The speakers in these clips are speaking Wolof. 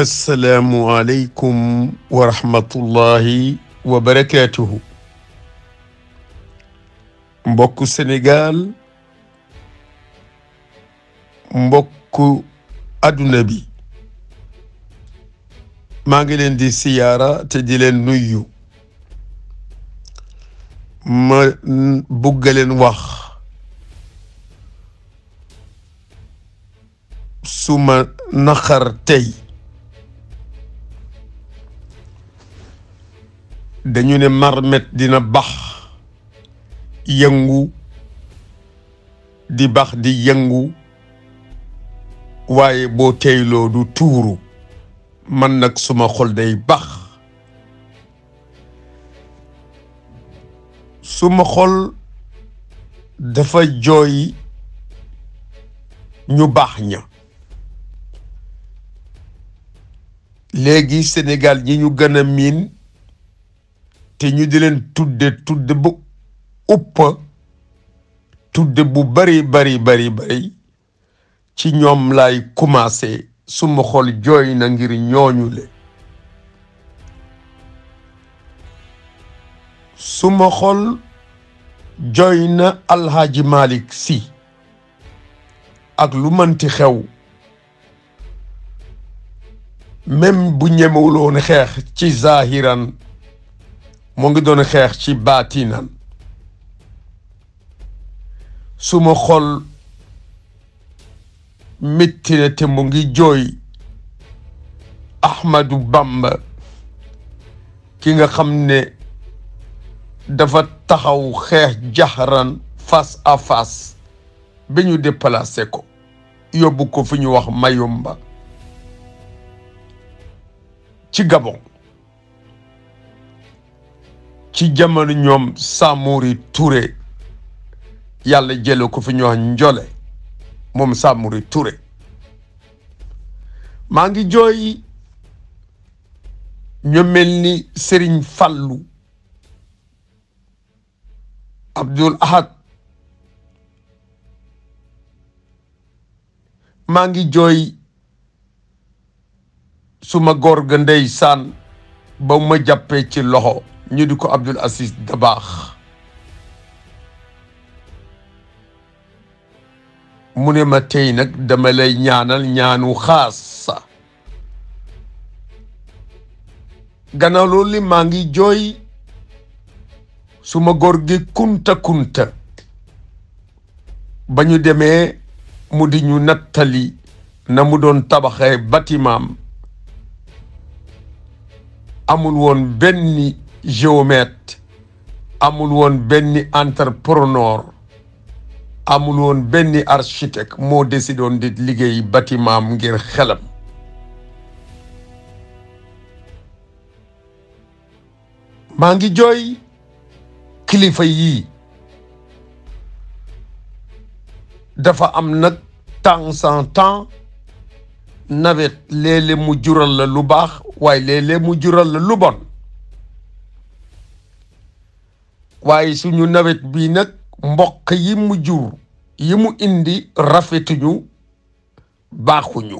asalaamualeykum wa rahmatullahi wa barakaatuhu mbokku Sénégal mbokku adduna bi maa ngi leen di siyaara te di leen nuyu ma bugg leen wax suma naqar tey dañu ne marmet dina bax yëngu di bax di yëngu waaye boo teyloo du tuuru man nag suma xol day bax suma xol dafa jooy ñu baax ña léegi Sénégal yi ñu gën a miin te ñu di leen tudde tudde bu uppa tudde bu bari bari bari ci ñoom lay commencé suma xol jooy ngir ñooñu le suma xol jooy na alxaaji Malick si ak lu mënti xew même bu ñemewuloon xeex ci zahiran mu ngi doon xeex ci baatinan suma xol métti na te mu ngi jooy Ahmadu Bamba ki nga xam ne dafa taxaw xeex jaxran fas à face ba ñu déplacé ko yóbbu ko fi ñu wax Mayumba ci Gabon ci jamono ñoom Samori Touré yàlla jële ko fi ñu wax njole moom Samori Touré maa ngi jooy ñu mel ni Serigne Fallou Abdoul Ahad maa ngi jooy suma góor ga ndeysaan ba ma jàppee ci loxo ñu di ko Abdoul Aziz Dabakh mu ne ma tey nag dama lay ñaanal ñaanu xaas gannaaw loolu li maa ngi jooy suma góor gi kunta kunta ba ñu demee mu di ñu nattali na mu doon tabaxee batimaam amul woon benn géomètre amul woon benn entrepreneur amul woon benn architecte moo décidoon di liggéey bâtiment ngir xelam maa ngi jooy kilifa yii dafa am nag temps en temps nawet léeg-léeg mu jural la lu baax waaye léeg-léeg mu jural la lu bon waaye suñu nawet bii nag mboq yi mu jur yi mu indi rafetuñu baaxuñu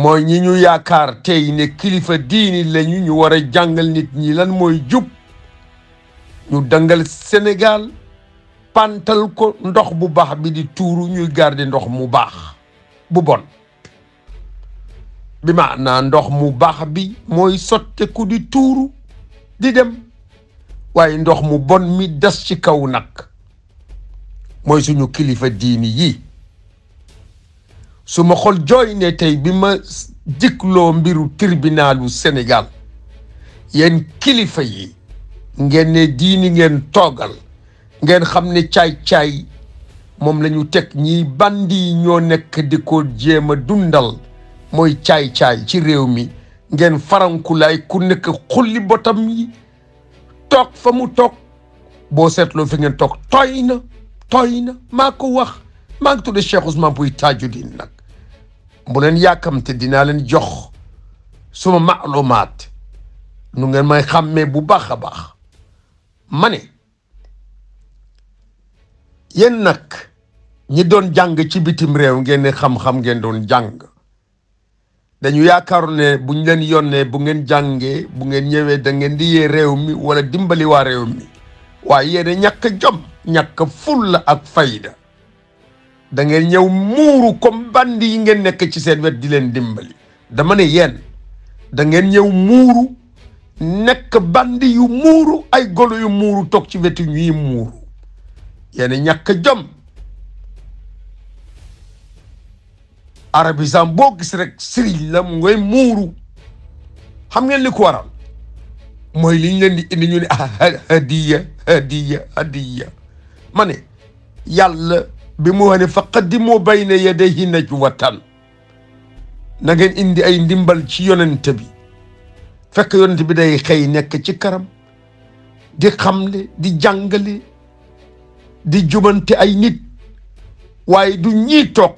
mooy ñi ñu yaakaar tey ne kilifa diini lañu ñu war a jàngal nit ñi lan mooy jub ñu dangal senegaal pantal ko ndox bu baax bi di tuuru ñuy garder ndox mu baax bu bon bi maanaa ndox mu baax bi mooy sotteku di tuuru di dem waaye ndox mu bon mi des ci kaw nag mooy suñu kilifa diini yi su ma xol jooy ne tey bi ma jikloo mbiru tribunalu senegaal yéen kilifa yi ngeen ne diini ngeen toogal ngeen xam ne caay-caay moom lañu teg ñiy bandi ñoo nekk di ko jéem a dundal mooy caay-caay ci réew mi ngeen farankulaay ku nekk xulli botam yi toog fa mu toog boo seetloo fi ngeen toog tooy na tooy na maa ko wax maa ngi tudd Cheikh Ousmane Pouye Tadjidine nag bu leen yàkkamte dinaa leen jox suma maalumaat nu ngeen may xàmmee bu baax a baax ma ne yéen nag ñi doon jàng ci bitim réew ngeen ne xam-xam ngeen doon jàng dañu yaakaaru ne bu ñu leen yónnee bu ngeen jàngee bu ngeen ñëwee da ngeen di yee réew mi wala dimbali waa réew mi waaye yéene ñàkk jom ñàkk fulla ak fayda da ñëw muuru comme bandi yi ngeen nekk ci seen wet di leen dimbali dama ne yéen da ñëw muuru nekk bandi yu muuru ay golo yu muuru toog ci wetu ñuy muuru yéene ñàkk jom arabisant boo gis rek sëriñ la mu ngay muuru xam ngeen li ko waral mooy liñ leen di indi ñu ne ah, ah, hadiya hadiya hadiya ma ne yàlla bi mu wax ne faqaddimu bayna yadayhi najwatan na ngeen indi ay ndimbal ci yonente bi fekk yonente bi day xëy nekk ci karam di xamle di jàngale di jubante ay nit waaye du ñii toog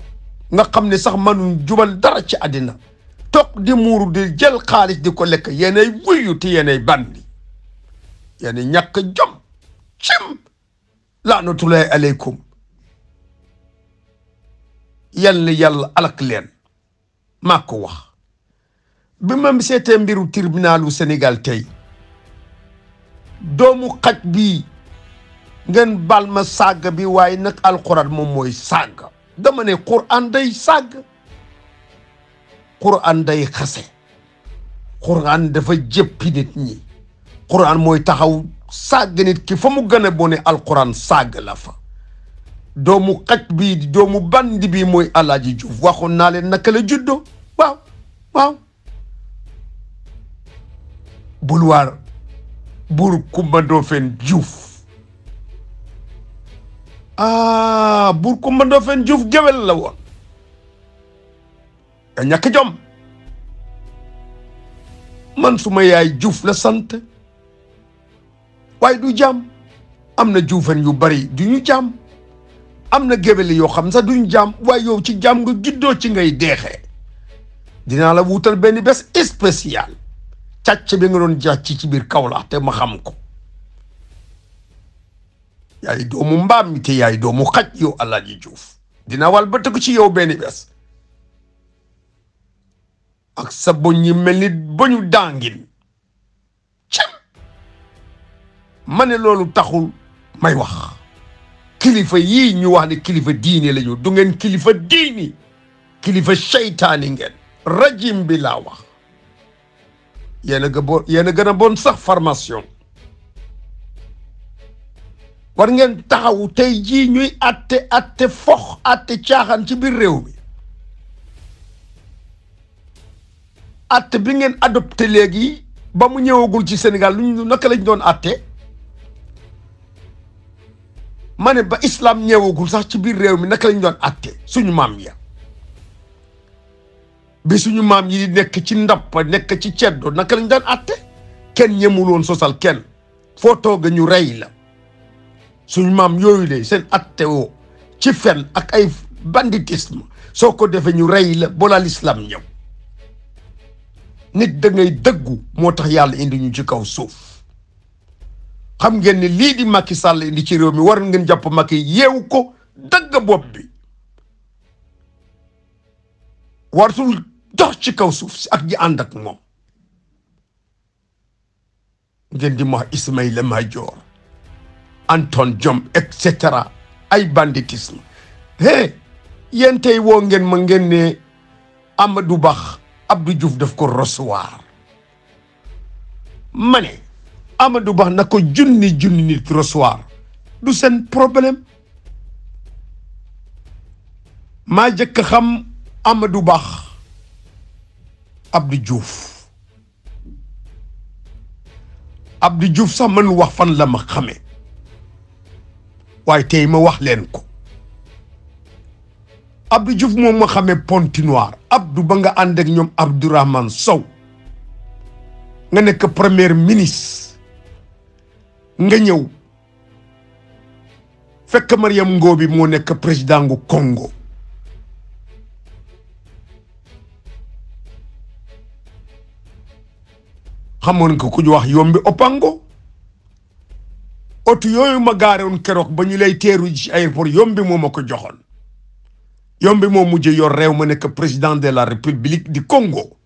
nga xam ne sax manu jubal dara ci àddina toog di muuru di jël xaalis di ko lekk yéenay wuyu te yéenay bandi yéenay ñàkk jom cim laanatulahi aleykum yal na yàlla alak leen maa wax bi ma seetee mbiru tirbinalu Sénégal tey doomu xaj bi ngeen bal ma sàgg bi waaye nag alxuraan moom mooy sàgg dama ne Qur'an day sàgg Qur'an day xase Qur'an dafa jëppi nit ñi Qur'an mooy taxaw sàgg nit ki fa mu gën a bone alquran sàgg la fa doomu xaj bi doomu bandi bi mooy Alaaji Juuf waxoon naa leen naka la juddoo waaw waaw boulevard Bour Coumba Ndoffène Diouf ah buur Kumba Ndoofeen Juuf géwél la woon nga ñàkk jom man suma yaay Juuf la sant waaye du jaam am na juufen yu bari du ñu jaam am na géwél yoo xam sax duñu jaam waay yow ci jaam nga juddoo ci ngay deexee dinaa la wuutal benn bés spécial càcc bi nga doon jàcc ci biir Kaolack te ma xam ko yaay doomu mbaam mi te yaay doomu xaj yow Alaaji Juuf dina walba te tëgg ci yow benn bés ak sa boñ yi mel ni boñu dàngin cam ma ne loolu taxul may wax kilifa yii ñu wax ni kilifa diini lañu du kilifa diini kilifa seytaani ngeen rajim bi laa wax yéen a gën a bon sax formation war ngeen taxawu tey jii ñuy atte atte fox atte caaxaan ci biir réew mi atte bi ngeen adopté léegi ba mu ñëwagul ci Sénégal lu ñu naka lañ doon atte ma ne ba islam ñëwagul sax ci biir réew mi naka lañ doon atte suñu maam ya bi suñu maam yi nekk ci ndàpp nekk ci ceddo naka lañ doon atte kenn ñemul sosal kenn foo tooga ñu rey la suñ maam yooyu le seen attewoo ci fen ak ay banditisme soo ko defee ñu rey la bola l'islam ñëw nit da ngay dëggu moo tax yàlla indi ñu ci kaw suuf xam ngeen ne lii di Macky Sall indi ci réew mi war ngeen jàpp Macky yeewu ko dëgg bopp bi wartul dox ci kaw suuf si ak ji ànd ak moom ngeen di ma Ismaïla Madior Anton jom et ay banditisme hé yéen tey woo ngeen ma ngeen ne Amadou Ba juuf def ko recevoir ma ne Amadou Ba na ko junni junni nit recevoir du seen problème maa jëkk xam Amadou Ba Abdou Diouf Abdou Diouf sax mën wax fan la ma xamee waaye tey ma wax leen ko Abdou Diouf moom ma xamee Pontinoir Abdou ba nga ànd ak ñoom Abdourahmane Sow nga nekk premier ministre nga ñëw fekk Mariam Ngoobi moo nekk président gu Congo xamoon nga ku ñu wax Yombi Opango oto yooyu ma gaare keroog ba ñu lay teeru ci aéroport yombi moom a ko joxoon yombi moo mujj yor réew ma nekk président de la république du Congo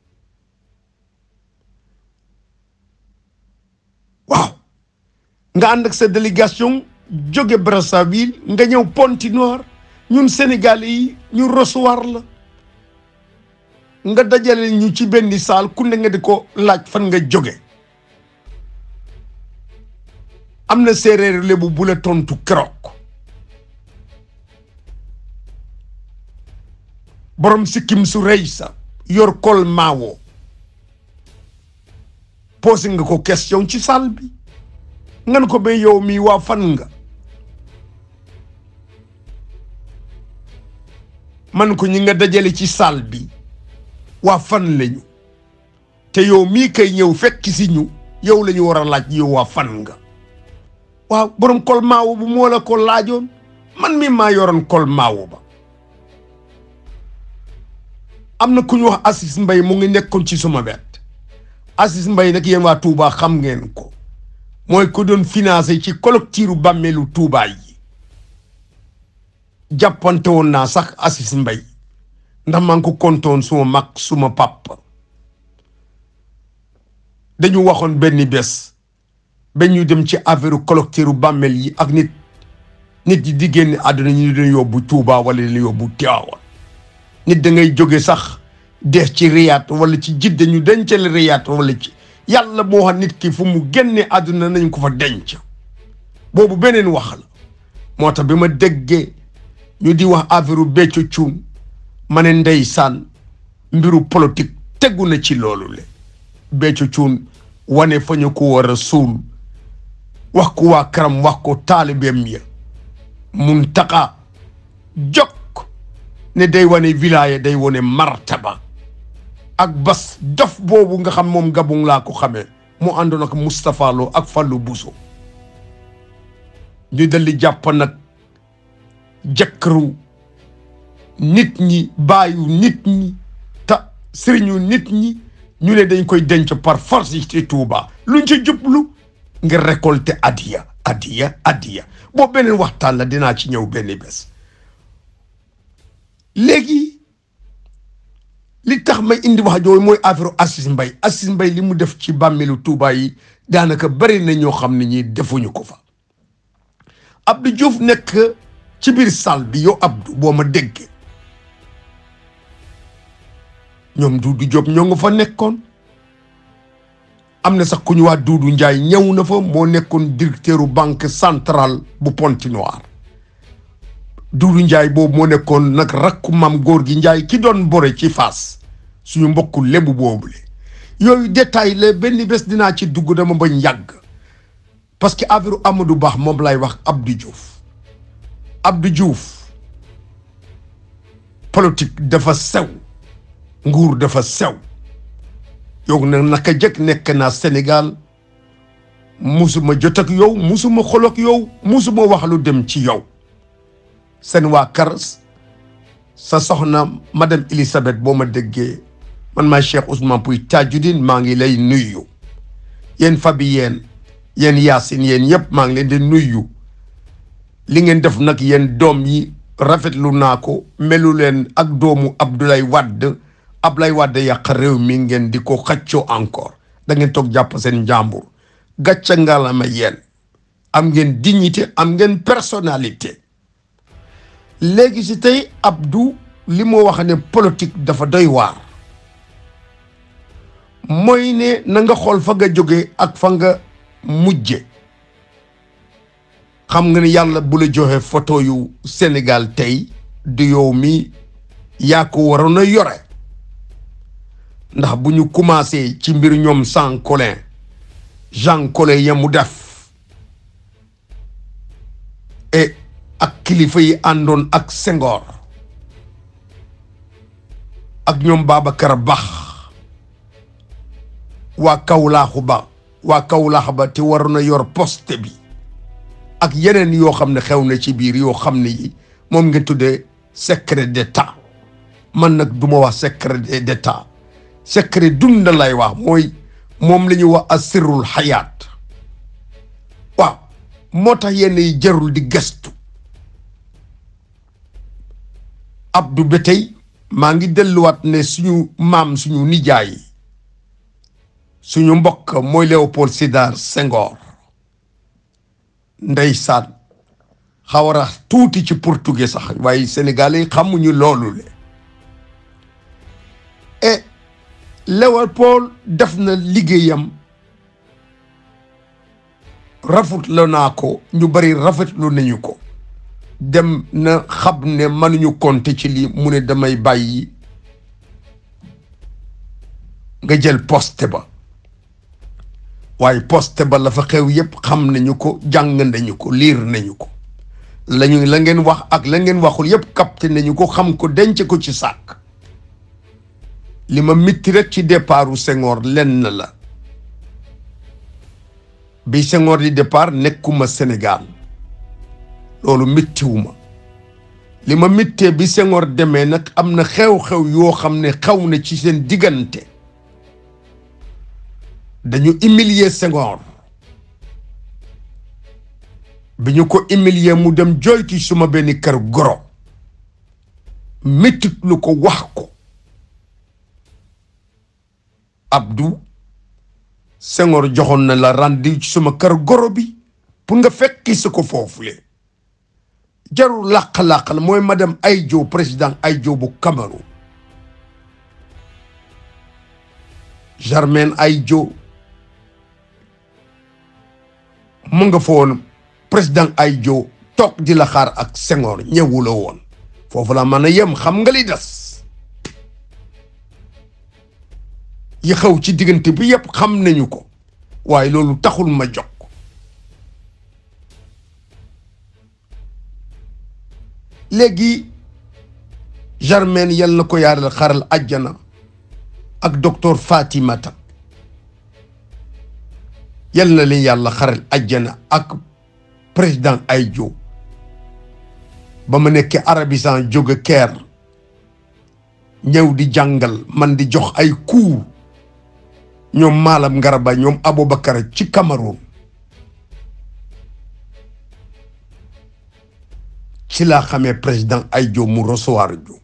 waaw nga ànd ak sa délégation jóge Brazzaville nga ñëw Pontinoir ñun Sénégalais yi ñu recevoir la nga dajale ñu ci benn saal ku nga di ko laaj fan nga jóge am na séeréer lébu bu la tontu keroog borom sikkim su rëy sa yor kol maawoo posé nga ko question ci salle bi ngan ko ba yow mi waa fan nga man ko ñi nga dajale ci salle bi waa fan lañu te yow mii kay ñëw fekk si ñu yow lañu ñu war laaj yow waa fan nga waaw borom kol maawu bu moo la ko laajoon man mi maa yoroon kol maawu ba am na ku ñu wax Assis mbay mu ngi nekkoon ci suma bet asis mbay nag yéen waa Touba xam ngeen ko mooy ko doon financé ci collectiru bàmmeelu Touba yi jàppante woon naa sax Assis mbay ndax maa ngi ko kontoon suma mag suma pàpp dañu waxoon benn bés ba ñu dem ci affaire collecteur bàmmeel yi ak nit nit yi di génn àdduna ñu leen yóbbu Touba wala leen yóbbu Tiwaawan nit da ngay jóge sax dee ci Riyad wala ci Jidda ñu dencal Riyad wala ci yàlla moo xam nit ki fu mu génne àdduna nañ ko fa denc boobu beneen wax la moo tax bi ma déggee ñu di wax affaire Béthio Thioune ma ne ndeysaan mbiru politique tegu na ci loolu le Béthio Thioune wane fa ñu ko war a suul wax ku waa karam wax ko taalibeem ya muntaqa jokk ne day wane wilaaya day wane martaba ak bas dof boobu nga xam moom gabung laa ko xamee mu àndoon ak Moustapha Lo ak Fallou Bousso ñu dal di jàpp nag jëkkëru nit ñi baayu nit ñi ta sëriñu nit ñi ñu ne dañ koy denc par force yi ci Touba luñ ci jublu nga récolter adiya adiya adiya boo beneen waxtaan la dinaa ci ñëw benn bés léegi li tax may indi wax jooju mooy affaire Assis Mbay Assis Mbay li mu def ci bàmmeelu Tuuba yi daanaka bari na ñoo xam ne ñi defuñu ko fa Abdou Diouf nekk ci biir salle bi yow boo ma déggee ñoom Doudou Diop ñoo nga fa nekkoon am na sax ku ñu waa Duudu Njaay ñëw na fa moo nekkoon directeuru banque centrale bu Pontinoir Duudu Njaay boobu moo nekkoon nag rakku maam góor gi Njaay ki doon bore ci Faas suñu mbokku lebu boobule yooyu détail la benn bés dinaa ci dugg dama bañ yàgg parce que affaire Amadou baax moom lay wax Abdou Diouf Abdou juuf politique dafa sew nguur dafa sew yow na naka jëkk nekk naa Sénégal musuma jot ak yow musuma xol yow musuma wax lu dem ci yow seen waa kar sa soxna madame Elisabeth boo ma déggee man maa Cheikh Ousmane Pouye Tadjidine maa ngi lay nuyu yéen fabi yéen yéen yaasin yéen yëpp maa ngi leen di nuyu li ngeen def nag yéen doom yi rafetlu naa ko melu leen ak doomu Abdoulaye wadd ablay wadde yàq réew mi ngeen di ko xaccoo encore da ngeen toog jàpp seen amgen gàcca ngaalama yéen am ngeen dignité am ngeen personnalité léegi ci tay Abdou limo wax ne politique dafa doy war moy ne na nga xol fa nga ak fa nga mujjé xam nga ni yalla bu la joxe photo yu Sénégal tay du yow mi ya ko warona ndax bu ñu commencé ci mbir ñoom Jean Collin Jean Collin ya mu def e ak kilifa yi àndoon ak Senghor ak ñoom Babacar Bax waa Kawlaaxu ba waa Kawlaax ba te waroon a yor poste bi ak yeneen yoo xam ne xew na ci biir yoo xam ne moom nga tuddee secret d'état man nag du ma wax secret d'état secret dund lay wax mooy moom la wax wax asirul xayaat waaw moo tax yenn yi jarul di gëstu abdu ba tey maa ngi delluwaat ne suñu maam suñu nijaay yi suñu mbokk mooy Léopold Sédar Senghor ndeysaan xaw a tuuti ci portugais sax waaye sénégalais xamuñu loolu le Léopold def na liggéeyam rafetlu naa ko ñu bari rafetlu nañu ko dem na xam ne mënuñu konte ci lii mu ne damay bàyyi nga jël poste ba waaye poste ba la fa xew yépp xam nañu ko jàng nañu ko liir nañu ko lañu la ngeen wax ak la ngeen waxul yépp capté nañu ko xam ko denc ko ci sàkk li ma mitti rek ci départu Senghor lenn la bi Senghor di départ nekkuma senegaal loolu mittiwuma li ma mittee bi Senghor demee nag am na xew-xew yoo xam ne xew na ci seen diggante dañu humilier Senghor bi ñu ko humilier mu dem jooytu suma benn kër goro méttit lu ko wax ko abdou senghor joxon na la rendi ci sama kër goro bi pour nga fekki su ko fofule. jaru laq laq moy madame ay jow président bu cameroun germaine ay mo nga président di la xaar ak senghor ñëwula woon la man yam xam nga li dess yi xew ci diggante bi yëpp xam nañu ko waaye loolu taxul ma jox léegi Germaine yal ko yaaral xaral àjjana ak docteur Fatimata yal na leen yàlla xaral àjjana ak président Ayjo ba ma nekkee Arabistan jóge Caire ñëw di jàngal man di jox ay cours ñom malam garaba ñoom bakara ci cameroun ci la xamé président ay djom mu recevoir djom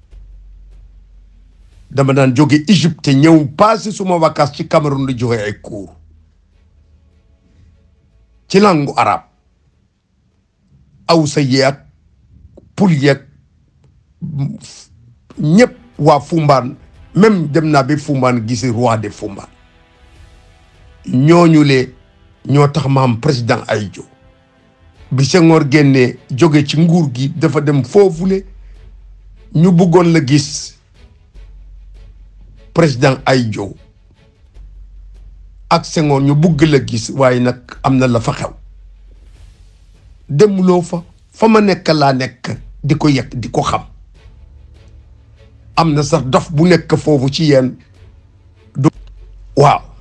dama daan jóge égypte ñew passé suma vacances ci cameroun di joxe ay cours ci langue arab aw sayyat pour yek ñep wa fumban même dem naa ba gisi roi de fumban ñooñu le ñoo tax ma am président Ahidjo bi Senghor génnee jóge ci nguur gi dafa dem foofule ñu buggoon la gis président Ahidjo ak Senghor ñu bugg la gis waaye nag am na la fa xew demuloo fa fa ma nekka laa nekk di ko yegg di ko xam am na sax dof bu nekk foofu ci yéen du waaw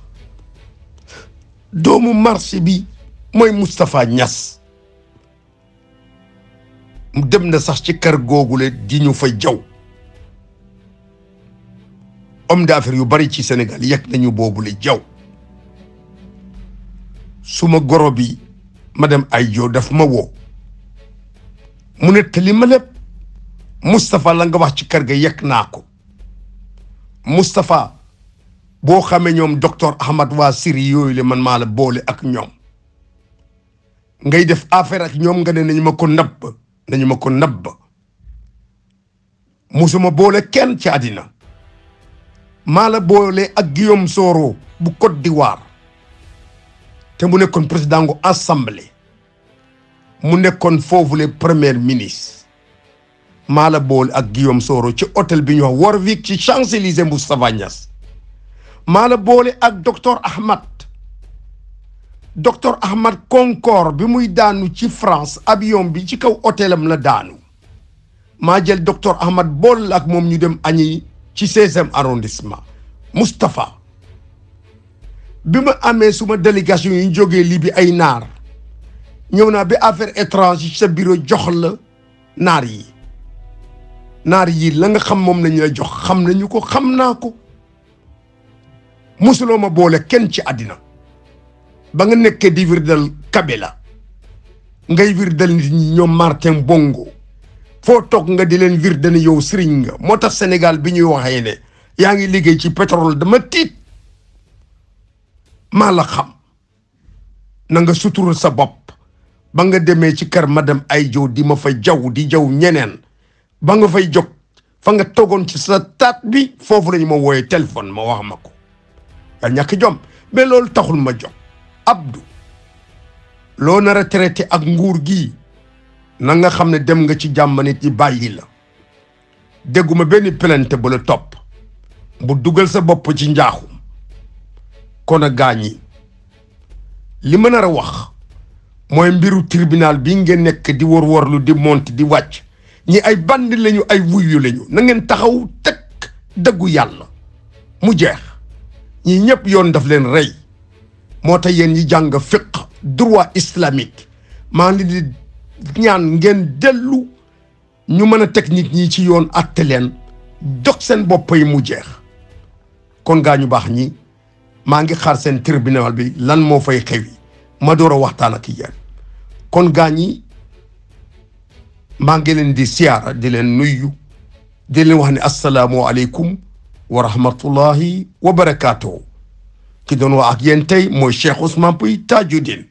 doomu marché bi mooy Moustapha ñas dem na sax ci kër googule di ñu fa jaw homme d'affaires yu bari ci Sénégal yegg nañu boobule jaw suma goro bi madame Ayjo daf ma woo mu nettali ma lépp Moustapha la wax ci kër ga yegg naa ko Moustapha boo xamee ñoom doctor Ahmad waa Syrie yooyu le man maa la boole ak ñoom ngay def affaire ak ñoom nga ne nañu ma ko nabb nañu ma ko musuma boole kenn ci àddina maa la boole ak Guillaume sooro bu Côte d'Ivoire te mu nekkoon président ngu assemblée mu nekkoon foofu le premier ministre maa la boole ak Guillaume sooro ci hôtel bi ñu war Warwick ci Champs-Élysées bu Moustapha maa la boole ak docteur Ahmad docteur Ahmad Concorde bi muy daanu ci France avion bi ci kaw hôtelam la daanu maa jël docteur Ahmad bool la ak moom ñu dem añi ci seizième arrondissement Moustapha bi ma amee suma délégation yi ñu jógee lii bi ay naar ñëw naa bi affaire étrange ci sa bureau jox la naar yi naar yi la xam moom la ñu jox xam nañu ko xam naa ko mosuloo ma boole kenn ci àddina ba nga nekkee di wirdal Kabila ngay wirdal nit ñi ñoom Martin Bongo foo toog nga di leen wirdal yow sëriñ moo tax senegal bi ñuy waxee ne yaa ngi liggéey ci pétrole dama tiit maa la xam na nga sutural sa bopp ba nga demee ci kër dem ay jow di ma fa jaw di jaw ñeneen ba nga fay jóg fa nga toogoon ci sa taat bi foofu lañu ma wooye téléphone ma wax ma ko daal ñàkk jom mais loolu taxul ma jom Abdou loo nar a traité ak nguur gi na nga xam ne dem nga ci jàmm nit ñi bàyyi la dégguma benn plainte bu la topp bu dugal sa bopp ci njaaxum kon a gaañ li ma nar a wax mooy mbiru tribunal bi ngeen nekk di wor worlu di monte di wàcc ñi ay bandi lañu ay wuyu lañu na ngeen taxaw teg dëggu yàlla mu jeex ñi ñëpp yoon daf leen rey moo tax yéen ñi jàng fiq droit islamique maa ngi di ñaan ngeen dellu ñu mën a teg ñi ci yoon atte leen dox seen bopp yi mu jeex kon gaa ñu baax ñi maa ngi xaar seen tribunal bi lan moo fay xewi ma door a waxtaan ak yéen kon gaañi maa ngi leen di siyaara di leen nuyu di leen wax ni asalaamu aleykum ورحمة الله وبركاته كدنو اك ينتي مو الشيخ عثمان بي تاجو دين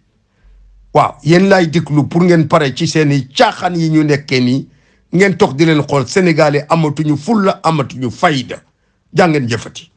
ين لاي ديكلو پور نين پاري چي سيني چاخان يي نيو نكيني نين توق دي لين قول سنغالي امتو نيو فول امتو نيو فايد جان نين